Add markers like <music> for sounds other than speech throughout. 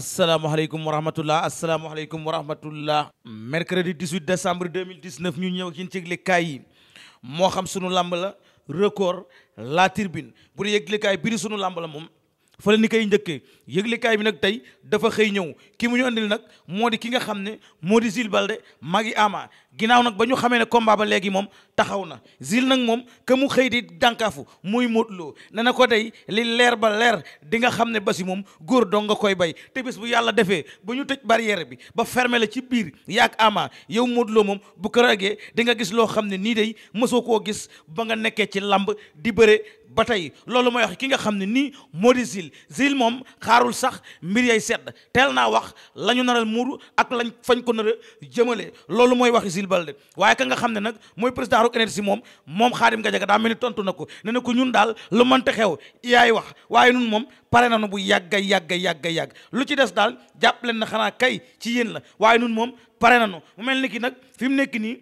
asalaamaaleykum wa rahmatulah asalaamaaleykum wa rahmatulah. mercredi 18 décembre 2019 ñu ñëw ci yëglekaay yi moo xam sunu làmb la record la tribune bu dee yëglekaay bi di sunu làmb la moom. fële ni koy njëkkee yëglekaay bi nag tey dafa xëy ñëw kii mu ñu andil nag moo di ki nga xam ne moo di Zil mag magi ama ginnaaw nag ba ñu xamee ne combat ba léegi moom taxaw na Zil nag moom que xëy di dànkaafu muy móotloo ne ko dey li leer ba leer di nga xam ne basi moom góor dong nga koy bay te bis bu yàlla defee ba ñu tëj barrière bi ba ferme la ci biir yaag ama yow móotloo moom bu ko ragee di nga gis loo xam ne nii day mësoo koo gis ba nga nekkee ci lamb di bëre ba tey loolu mooy wax ki nga xam ne nii moo di siil zil moom xaarul sax mbir yay sedd teel naa wax la ñu naral muuru ak lañ fañ ko nar jëmale loolu mooy waxi zil balde waaye ka nga xam ne nag mooy président rock énergie moom moom xaadim nga jaga daa mel ni tontu na ko ne ko ñun daal lu mënta xew yaay wax waaye nun moom pare na nañu bu yàgga yàgga yàgga yàgg lu ci des daal jàpp leen na xanaa kay ci yéen la waaye nun moom pare nañu mu mel ni nag fi mu nekk nii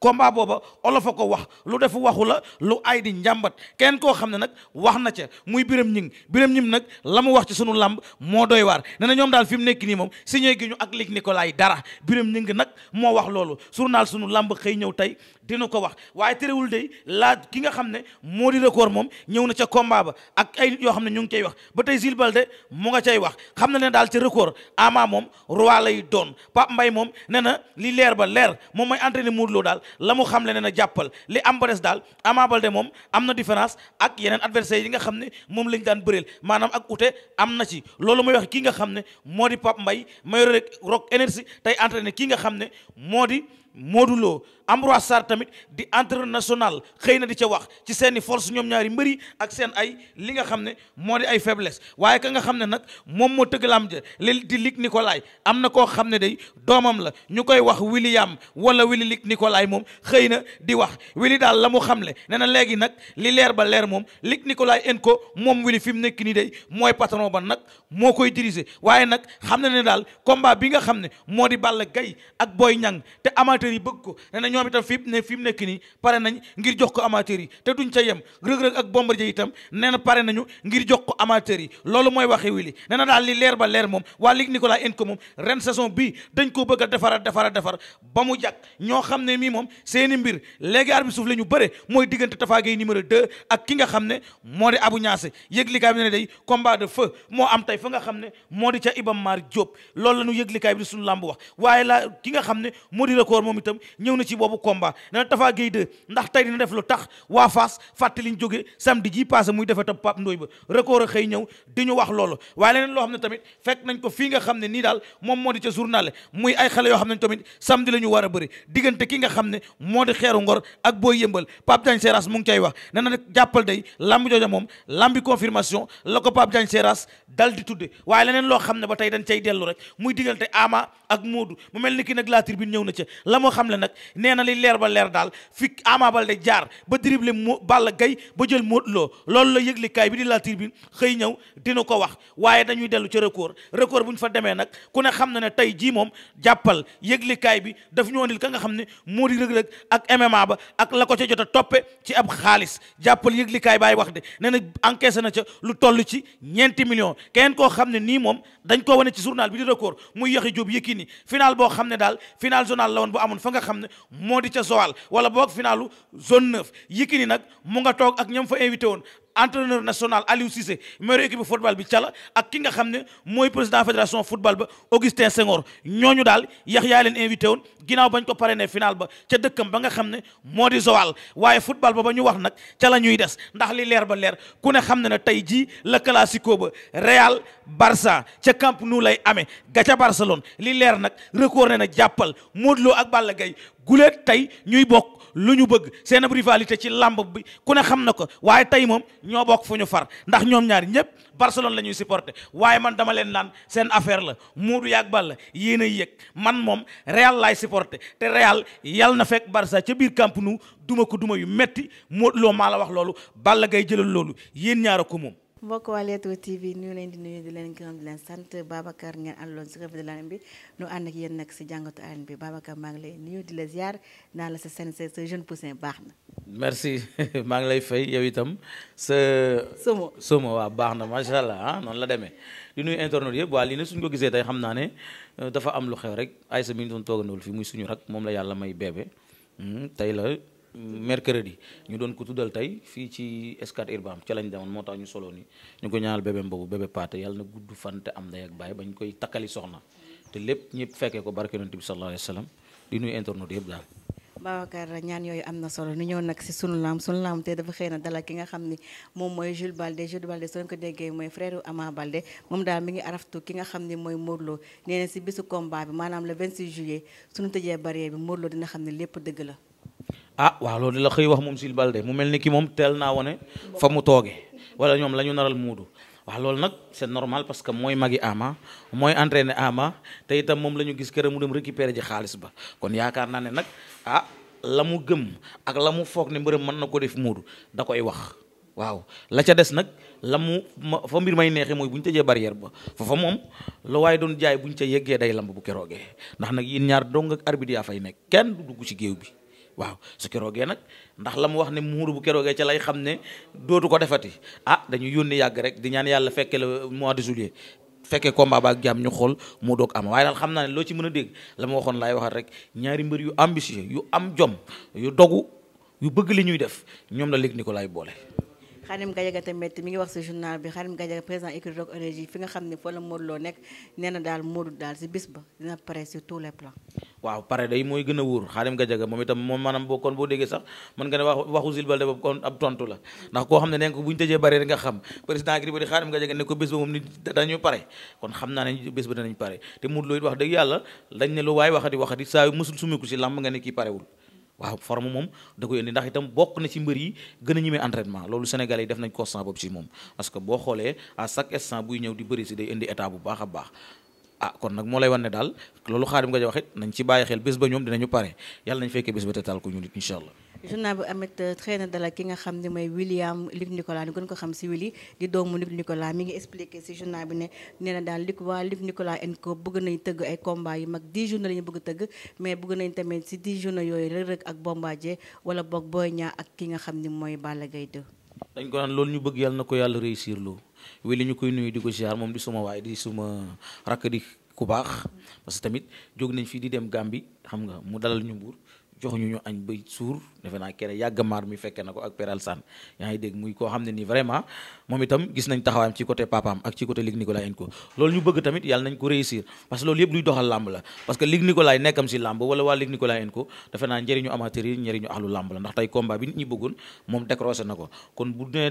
combat booba olofa ko wax lu def waxu la lu ay di njàmbat kenn koo xam ne nag wax na ca muy biram ñing biram ñing nag la mu wax ci sunu làmb moo doy waar ne ñoom daal fi mu nekk nii moom signé gi ñu ak Luc Nicolaï dara biram ñing nag moo wax loolu journal sunu làmb xëy ñëw tey dina ko wax waaye terewul day laaj ki nga xam ne moo di record moom ñëw na ca combat ba ak ay yoo xam ne ñu ngi cay wax ba tey Jules Baldé mu nga cay wax xam na ne daal ca record ama moom roi lay doon Pape mbay moom ne na li leer ba leer moom mooy entraîné Modou Lo daal la mu xam le ne jàppal li am ba des daal Ama Baldé moom am na différence ak yeneen adversaire yi nga xam ne moom lañ daan bëreel maanaam ak ute am na ci loolu muy wax ki nga xam ne moo di Pape Mbaye mayor rek énergie tey entraîné nga xam ne moo di Modou Lo Ambroise sar tamit di entraîneur national xëy na di ca wax ci seeni force ñoom ñaari mbëri ak seen ay li nga xam ne moo di ay faiblesse waaye ka nga xam ne nag moom moo tëgg lam ja li di Luc Nicolaï am na koo xam ne day doomam la ñu koy wax William wala Willy Luc Nicolaï moom xëy na di wax Willy daal la mu xamle nee na léegi nag li leer ba leer moom Luc Nicolaï en ko moom Willy fi mu nekk nii day mooy patron ba nag moo koy diriger waaye nag xam na ne daal combat bi nga xam ne moo di Balla Gaye ak Boy Niang amateur yi bëgg ko nee na ñoom itam fi ne fi mu nekk nii pare nañ ngir jox ko amateur yi te duñ ca yem rëg-rëg ak bombardier itam nee na pare nañu ngir jox ko amateur yi loolu mooy wax wi li nee na daal li leer ba leer moom waa Ligue Nicolas Enko moom ren saison bii dañ koo bëgg a defara defara defar ba mu jàkk ñoo xam ne mii moom seeni mbir léegi arbitre suuf la ñu bëre mooy diggante Tapha Gueye numéro 2 ak ki nga xam ne moo di abu Niassé yëglikaay bi ne day combat de moo am tey fa nga xam ne moo di ca Iba Mar Diop loolu la ñu yëglikaay bi suñu làmb wax ne moom itam ñëw na ci boobu combat nee na muy a xëy ñëw di loo xam ne tamit fekk nañ fii nga xam ne nii daal moo di ca journal muy ay xale yoo xam ne tamit samedi la ñu war a bëri diggante ki nga xam ne moo di xeeru ngor ak booy yëmbal Pape Diagne Seras mu ngi cay wax nee na jàppal day lamb jooja moom lambi confirmation la ko Pape Diagne Seras dal di tudde waaye leneen loo xam ne ba tey dañ cay dellu rek muy diggante Ama ak Modou mu mel ni ki nag la tribune ñëw na ca la mu xam le nag nee na li leer ba leer daal fi Ama Baldé jaar ba dribble mu Balla ba jël Modou Lo loolu la yëglikaay bi di la tribune xëy ñëw dina ko wax waaye dañuy dellu ca record record bu ñu fa demee nag ku ne xam na ne tey jii moom jàppal kaay bi daf ñu andil ka nga xam ne moo di rëg-rëg ak MMA ba ak la ko ca jot a toppe ci ab xaalis jàppal yëglikaay baay wax de nee na encaissé na ca lu toll ci ñeenti millions keneen koo xam ne nii moom dañ ko wane ci journal bi amoon fa nga xam ne moo di ca Joal wala boog finalu zone neuf Yékini nag mu nga toog ak ñoom fa invité woon entraîneur national Aliou Cissé meilleur équipe football bi Cala ak ki nga xam ne mooy président fédération football ba Augustin Senghor ñooñu daal yax yaa leen invité woon ginnaaw bañ ko parrainé final ba ca dëkkam ba nga xam ne moo di Joal waaye football ba ba ñu wax nag ca la ñuy des ndax li leer ba leer ku ne xam ne na tey jii la classico ba Real Barça ca Camp Nou lay amee ga ca Barcelone li leer nag record ne na jàppal Modou ak Balla Gaye guleet tey ñuy bokk lu ñu bëgg seen ab rivalité ci làmb bi ku ne xam na ko waaye tey moom ñoo bokk fu ñu far ndax ñoom ñaar ñëpp Barcelone la ñuy supporter waaye man dama leen naan seen affaire la Modou yàgg Balla yéen a yëg man moom Real laay supporter te Real yal na fekk Barça ca biir Camp Nou duma ko duma yu metti Modou Lo maa la wax loolu Balla Gaye jëlal loolu yéen ñaar ko moom mbokk waa Leewtoo TV ñu leen di nuyu di leen gërëm di leen sant Babacar ngeen àndoon si revue de l'arène bi ñu ànd ak yéen nag si jàngatu arène bi Babacar maa ngi lay nuyu di la ziar naa la sa seen sa jeune poussin baax na. merci <laughs> maa ngi lay fay yow itam sa. somo somo waa baax na macha allah ah noonu la demee di nuyu internautes yëpp waa lii ne suñ ko gisee tey xam naa ne euh, dafa am lu xew rek Aïssa mi ñu doon toogandoo fi muy suñu rak moom la yàlla may bébé hmm, tey la. mercredi ñu doon ko tuddal tey fii ci Scat Urbam ca lañ demoon moo tax ñu solo ni ñu ko ñaanal bébé boobu bébé paate yàlla na gudd fan te am ndey ak baay bañ koy takkali soxna te lépp ñëpp fekkee ko barke yonent bi sallallahu alayhi wa sallam ñaan yooyu am na solo nu ñëw nag si sunu laam sunu dafa xëy na dalal ki nga xam ni moom mooy Jules Balde Jules Balde soo ko déggee mooy frère Ama Balde moom daal mi ngi araftu ki nga xam ni mooy Modou Lo si bisu combat bi maanaam le 26 juillet suñu su barrière bi Modou Lo dina xam ne lépp dëgg la. ah waaw loolu la xëy wax moom Jules Baldé mu mel ni ki moom teel naa wane fa mu tooge wala ñoom la ñu naral muudu waaw loolu nag c'est normal parce que mooy magi ama mooy entraîné ama te itam moom la ñu gis këram mu dem récupérer ji xaalis ba kon yaakaar naa ne nag ah la mu gëm ak la mu foog ne mbërëm mën na ko def muudu da koy wax waaw la ca des nag la mu fa mbir may neexee mooy bu ñu tëjee barrière ba foofa moom la waaye doon jaay bu ñu ca yeggee day lamb bu keroogee ndax nag yéen ñaar dong ak arbitre yaa fay nekk kenn du dugg ci géew bi waaw su keroogee nag ndax la mu wax ne muuru bu keroogee ca lay xam ne dootu ko defati ah dañuy yónni yàgg rek di ñaan yàlla fekke le mois de juillet fekkee combat ba ak jàmm ñu xool mu doog am waaye daal xam naa ne loo ci mën a dégg la ma waxoon laay waxat rek ñaari mbër yu ambitieux yu am jom yu dogu yu bëgg li ñuy def ñoom la léegi ni ko laay boole Khadim Gadiaga tamit mi ngi wax si journal bi Khadim Gadiaga président écurie Rock Énergie fi nga xam ne foo la nekk nee daal Modou daal si bis ba dina pare sur tous les plans waaw pare day mooy gën a wóor Khadim ga moom itam moom maanaam boo kon boo déggee sax mën nga ne wax waxu Jules Baldé boobu la ndax koo xam ne nee ko bu ñu tëjee bare nga xam président écurie ba moom ni dañu pare kon xam naa ne bés ba danañ pare te Modou Lo wax dëgg yàlla dañ ne lu waaye waxati waxati saa yu mësul sumiku si làmb nga ne kii parewul waaw forme moom da koy indi ndax itam bokk na ci mbër yi gën a ñemee entraînement loolu sénégalais yi def nañ constat boobu ci moom parce que boo xoolee à chaque instant buy ñëw di bëri si day indi état bu baax a baax ah kon nag moo lay wan ne daal loolu xaadim nga wax it nañ ci bàyyi xel bés ba ñoom dinañu pare yàlla nañ fekkee bés ba te taal ko ñu nit incha allah journal bu amit euh, traîner dalal ki nga xam ne mooy William Luc Nicolas ñu gën ko xam si Willy di doomu Luc Nicolas mi ngi expliqué si journal bi ne nee na daal Luc waa Luc Nicolas en co mag 10 journée la ñu bëgg tëgg mais bëgg nañ tamit si 10 journée yooyu Reug Reug ak Bombardier wala boog Boy Niang ak ki nga xam ne mooy Balla gay 2 dañ ko naan loolu ñu bëgg yàlla na ko yàlla réussir loo Willy ñu koy nuyu di ko ziar moom di suma waay di suma rakk di ku baax parce que tamit jóg nañ fii di dem Gambie xam nga mu dalal ñu Mbuur joxuñu ñu añ ba suur defe naa kenn yàgg maar mi fekke na ko ak Père Alsane yaa dégg muy koo xam ne ni vraiment moom itam gis nañ taxawaayam ci côté papaam ak ci côté Ligue Nicolas ko loolu ñu bëgg tamit yàlla nañ wala waa la ndax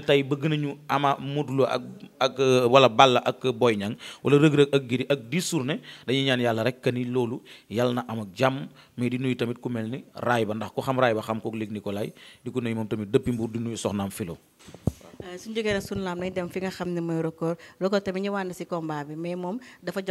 tey na ama Modou ak ak euh, wala Balla ak Boy Niang wala rëg-rëg ak giri ak 10 journée dañuy ñaan yàlla rek que ni loolu yàlla na am ak jàmm mais di nuyu tamit ku mel ni raay ba ndax ku xam raay ba xam kook léegi Nicolay di ko nuyu moom tamit depuis Mbour di nuyu soxnaam Filo. Euh, suñu jógee nag sunu nañ dem fi nga xam ne mooy record record tamit ñëwaat na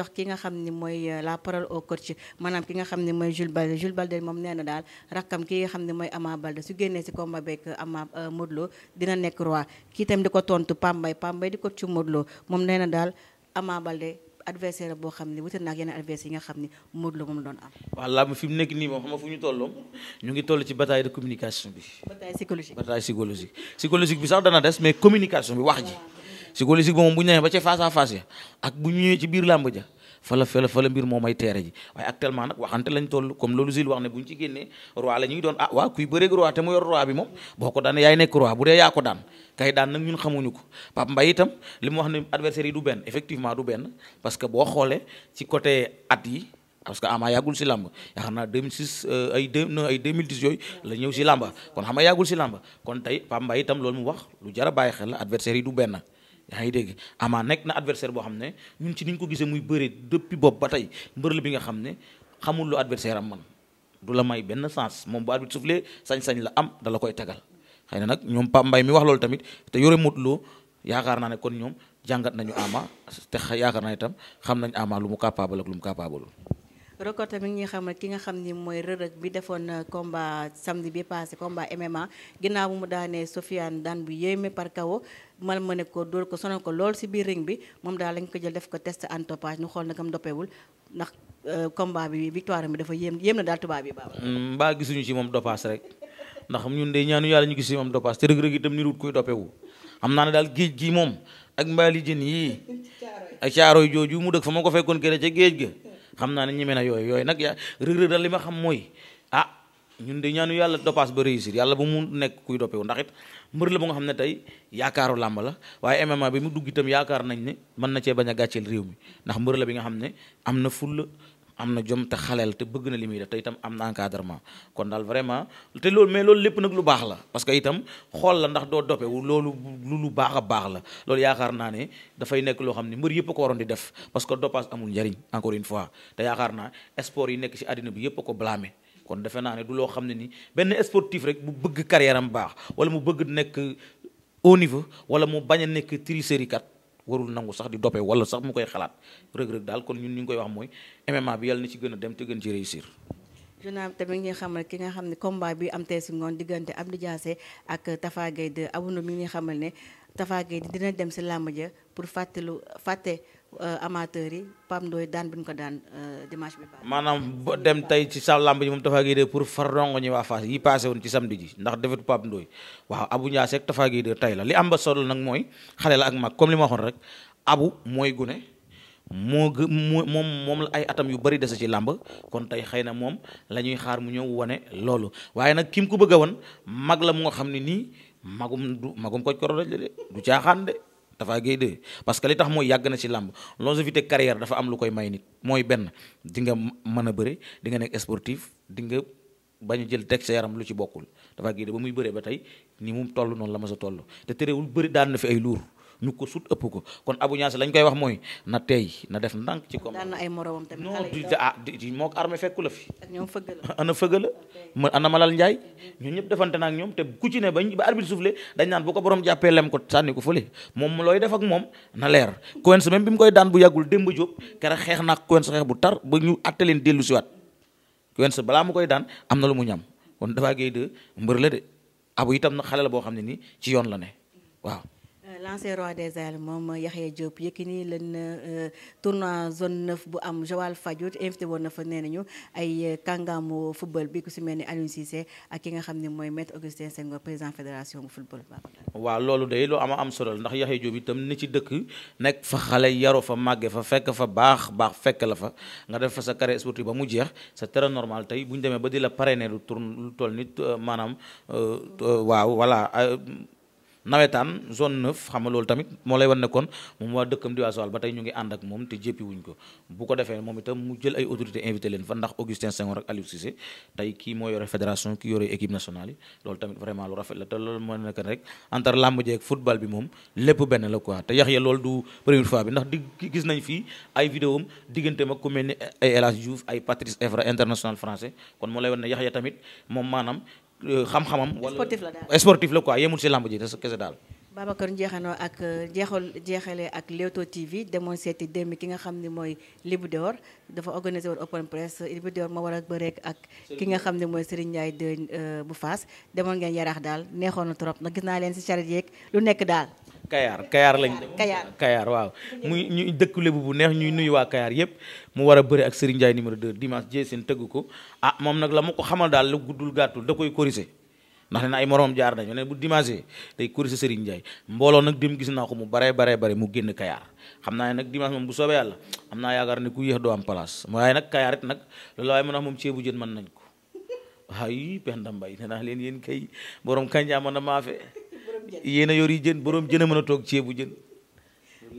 ki nga xam ne mooy euh, la parole au coach maanaam ki nga xam ne mooy Jules Balde Jules Balde moom nee na daal rakkam ki nga xam ne mooy Ama Balde su génnee si combat beeg Ama euh, Modou dina nekk roi kii tamit di ko tontu Pambay Pambay di coach Modou moom nee daal Ama Balde. adversaire boo xam ne wute na ak yeneen adversaire yi nga xam ne Modou Lo moom doon am. waaw làmb fi nekk nii moom xam fu ñu tolloom ñu ngi toll ci bataille de communication bi. sax dana des mais communication bi wax ji. psychologique bi moom ya ak bu ñu ñëwee ci biir làmb ja. fala fala fala mbir moom ay teere ji waaye actuellement nag waxante lañ toll comme loolu sil wax ne bu ñu ci génnee roi doon ah waaw kuy bëreeg roi te mu yor roi bi moom boo ko daan kay daan nag ñun xamuñu ko Pape Mbaye itam li mu wax ne adversaire yi du benn effectivement du benn parce que boo xoolee ci côté at yi parce que Ama yàggul si làmb yaakaar naa 2006 euh, ay deux non ay 2010 yooyu la ñëw si làmba kon xam nga yàggul si làmba kon tey Pape Mbaye itam loolu mu wax lu jar a bàyyi xel la adversaire yi du benn yaa ngi dégg Ama nekk na adversaire boo xam ne ñun ci ni ñu ko gisee muy bëre depuis bopp ba tey mbër bi nga xam ne xamul lu adversaire am man du la may benn sens moom bu arbitre sañ-sañ la am da la koy tegal xëy na nag ñoom Pape Mbaye mi wax loolu tamit te yore mut loo yaakaar naa ne kon ñoom jàngat nañu Ama te yaakaar naa itam xam nañ Ama lu mu capable ak lu mu capable. record tamit ñi xamal ki nga xam ni mooy rërëg bi defoon na euh, combat samedi bi passé combat MMA ginnaaw bu mu daanee Sofiane daan bu yéeme par kawo mal ma ne ko dóor ko sonal ko lool si biir ring bi moom daal lañ ko jël def ko test antopage ñu xool nagam doppeewul ndax euh, combat bi victoire bi dafa yéem yéem na daal tubaab bi baax. Mm, mbaa gisuñu ci moom dopage rek. ndax ñun de ñaanu yàlla ñu gis am doppaas te rëg-rëg itam ni ruut koy doppewu xam naa ne daal géej gi moom ak mbaali jën yii ak caaroy jooju mu dëkk fa ma ko fekkoon kene ca géej ga xam naa ne ñeme na yooyu yooyu nag yaa rëg-rëg daal li ma xam mooy ah ñun de ñaanu yàlla doppaas ba réussir yàlla ba mu nekk kuy doppewu ndax mbër la ba nga xam ne tey yaakaaru làmb la waaye MMA bi mu dugg itam yaakaar nañ ne mën na cee bañ a gàcceel réew mi ndax mbër bi nga xam ne am na jom te xaleel te bëgg na li muy def te itam am na encadrement kon daal vraiment te loolu mais loolu lépp nag lu baax la parce que itam xool la ndax doo doppewu loolu lu baax a baax la loolu yaakaar naa ne dafay nekk loo xam ne mbër yëpp a ko waroon di def parce que dopage amul njariñ encore une fois te yaakaar naa sport yi nekk si àddina bi yëpp a ko blâmer kon defe naa ne du loo xam ne ni benn sportif rek bu bëgg kar am baax wala mu bëgg nekk au niveau wala mu bañ a nekk tricherie kat warul nangu sax di doppe wala sax mu koy xalaat rëg-rëg daal kon ñun ñu koy wax mooy MMA bi yàlla na ci gën a dem te gën ci réussir journal tamit ñuy xamal ki nga xam ne combat bi am tey si ngoon diggante Abdou Diassé ak Tafa Gueye de abundu mi ngi xamal ne Tafa Gueye di dina dem si làmb ja pour fàttelu fàtte Euh, amateur yi Pape Ndoye daan bi ñu ko daan euh, dimanche bi. maanaam dem tey ci sa lamb ji moom Tafa Gueye pour far rongo ñi waa Fass yi passé woon ci samedi ji ndax defet Pape waaw Abu Ndiaye ak Tafa Gueye la li am ba solo nag mooy xale la ak mag comme li ma waxoon rek Abu mooy gune moo gë moom moom la ay atam yu bari dese ci làmb kon tey xëy na moom la ñuy xaar mu ñëw wone loolu waaye nag kim ku bëgg woon mag la mu nga xam ne nii magum du magum ko koro la de du caaxaan de. Tapha Gueye 2 parce que li tax mooy yàgg na ci làmb longévité carrière dafa am lu koy may nit mooy benn di nga mën a bëre di nga nekk sportif di nga bañ jël teg sa yaram lu ci bokkul dafa Gueye 2 ba muy bëree ba tey nii mu toll noonu la ma sa toll te terewul bëri daan na fi ay luur ñu ko sut ëpp ko kon Abou Niass lañ koy wax mooy na tey na def ndànk ci comme daan na ay moromam tamit xale yi ah di moo armée fekku la fi ñoom fëgg la ana fëgg la ma ana Malal Ndiaye ñun ñëpp defante na ak ñoom te ku ci ne bañ ba arbitre soufflé dañ naan bu ko borom jàppee lem ko sànni ko fële moom looy def ak moom na leer Coens même bi mu koy daan bu yàggul Demba Diop kere xeex naak Coens xeex bu tar ba ñu atte leen dellu siwaat Coens balaa mu koy daan am na lu mu ñam kon dafaa mbër la de itam na xale la boo xam ne nii ci yoon la ne waaw l'ancien roi des arènes moom Yaxya Diop Yékini leen euh, tournoi zone 9 bu am Joal Fadiouth invité woon na fa nee nañu ay euh, kàngaamu football bi ku si mel ni Aliou Cissé ak ki nga xam ne mooy maître Augustin Senghor président fédération bu football waaw loolu day lu ama am solo ndax Yaxya Diop tam ni ci dëkk nekk fa xale yaru fa màggee fa fekk fa baax baax fekk la fa nga def fa sa carrière sportive ba mu jeex sa très normal tey bu ñu demee ba di la parrainer lu tourne lu toll nit euh, maanaam nawetaan zone 9 xam nga loolu tamit moo lay wan ne kon moom waa dëkkam di waa Joal ba tey ñu ngi ànd ak moom te jéppi wuñ ko bu ko defee moom itam mu jël ay autorité invité leen fa ndax Augustin Senghor ak Aliou Cissé tey kii moo yore fédération kii yore équipe nationale yi loolu tamit vraiment lu rafet la te loolu moo nekk rek entre làmb jeeg football bi moom lépp benn la quoi te yax ya loolu du première fois bi ndax di gis nañ fii ay vidéo am diggante mag ku mel ni ay El Hadj Diouf ay Patrice Evra international français kon moo lay Euh, xam-xamam. sportif la daal sportif la quoi yemul si lamb ji des kese daal. Babacar njeexanoo ak jeexal jeexale ak Leewtoo TV demoon seeti démb ki nga xam ne mooy Libidor dafa organisé woon open press Libidor ma war a bëreek ak ki nga xam ne mooy Serigne Ndiaye de euh, bu faas demoon ngeen yaraax daal neexoon na trop ndax gis naa leen si charrette yeeg lu nekk daal. Kayaar Kayaar lañ. Kayaar Kayaar waaw. muy ñu dëkk Lebu bu neex ñuy nuyu waa Kayaar yëpp mu war a bëri ak Serigne Ndiaye numéro 2 dimanche jee seen tëgg ko ah moom nag la ma ko xamal daal lu guddul gàttul da koy corriger ndax nee na ay moroom jaar nañu ne bu dimanche day corriger Serigne Ndiaye mbooloo nag dem gis naa ko mu baree baree bare mu génn Kayaar xam naa ne nag dimanche moom bu soobee yàlla am naa yaakaar ne ku yéex doo am place waaye nag Kayaar it nag loolu waaye mën a moom ceebu jën ko ay Penda Mbaye a yéen a yor yi jën borom jën a mën a toog ceebu jën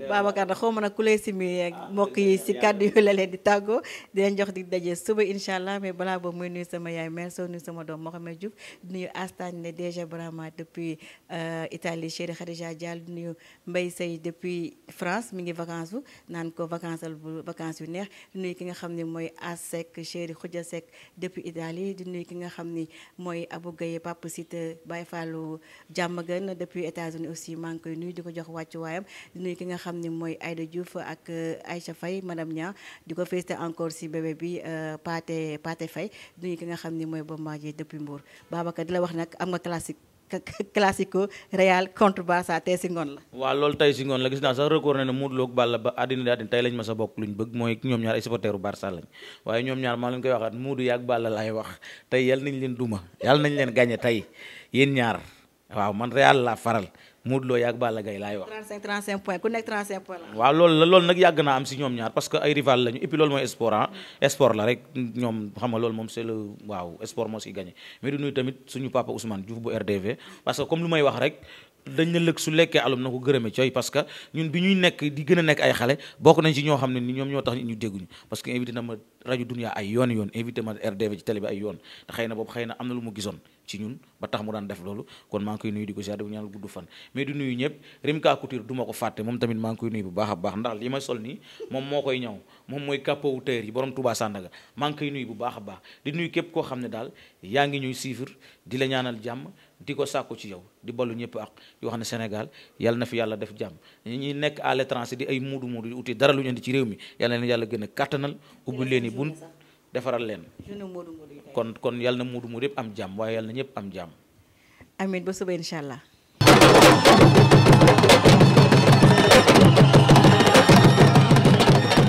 Babacar da xaw ma nag ku lay simi ak ah, mbokk yi si kàddu yu la leen di tàggoo di jox di daje suba incha allah mais balaa boobu mooy nuyu sama yaay mère soo nuyu sama doom Mohamed Diouf di nuyu Astane ne déjà Brahma depuis euh, Italie Chérie Khadija Diallo di nuyu Mbaye Seye depuis France mi ngi vacances bu naan ko vacances bu vacances neex di ki nga xam ne mooy Asek Chérie Khoudia Seck depuis Italie di nuyu ki nga xam ni mooy Abou Gueye Papa Site Baye Fallou Diamaguène depuis États-Unis aussi manque ngi koy nuyu di ko jox wàccuwaayam di nuyu ki xam ne mooy Aïda Diouf ak euh, Aïcha Faye madame Nia di ko félicité encore si bébé bi euh, Pathé Pathé Faye duñu ki nga xam ni mooy Bombardier depuis Mbour Babacar di la wax nag am nga classique <laughs> classico Real contre Barça tey si ngoon la waaw loolu tey si ngoon la gis naa sax record ne ne Modou Lo ak Balla ba àddina di àddina tey lañ ma sa bokk luñ bëgg mooy ñoom ñaar ay supporteru waaye ñoom ñaar maa leen koy waxaat Modou yaak Balla laay wax tey yal nañ leen duma yal nañ leen Modou Lo yaag Balla Gaye laay wax. waaw loolu la loolu nag yàgg naa am si ñoom ñaar parce que ay rival lañu et lool loolu mooy sport ah. Mm. sport la rek ñoom xam nga loolu moom c'est le waaw sport moo si gagné mais du tamit suñu papa Ousmane Diouf bu RDV parce que comme lu may wax rek. dañ na lëg su lekkee alum na ko gërëme cooy parce que ñun bi ñuy nekk di gën a nekk ay xale bokk nañ ci ñoo xam ne ni ñoom ñoo tax ñu dégguñu parce que invité na ma rajo Dunia ay yoon yoon invité ma RDV xëy na boobu xëy na am na lu mu gisoon ci ñun ba tax mu daan def loolu kon maa ngi koy nuyu di ko ziar di ko ñaanal gudd fan mais di nuyu ñëpp Rimka Couture ko fàtte moom tamit maa ngi nuyu bu baax a baax ndax li ma sol nii moom moo koy ñaw moom mooy capot tailleur yi borom Touba Sandaga maa ngi nuyu bu baax a baax di nuyu képp koo xam ne daal yaa ngi ñuy suivre di la ñaanal jàmm di ko sàkku ci yow di ballu ñëpp ak yoo xam ne Sénégal yàlla na fi yàlla def jàmm ñi ñuy nekk à l'étranger di ay a defaral leen. kon kon yal na muudu muudu yëpp am jàmm waaye yal na ñëpp am jàmm. amiin ba suba incha allah.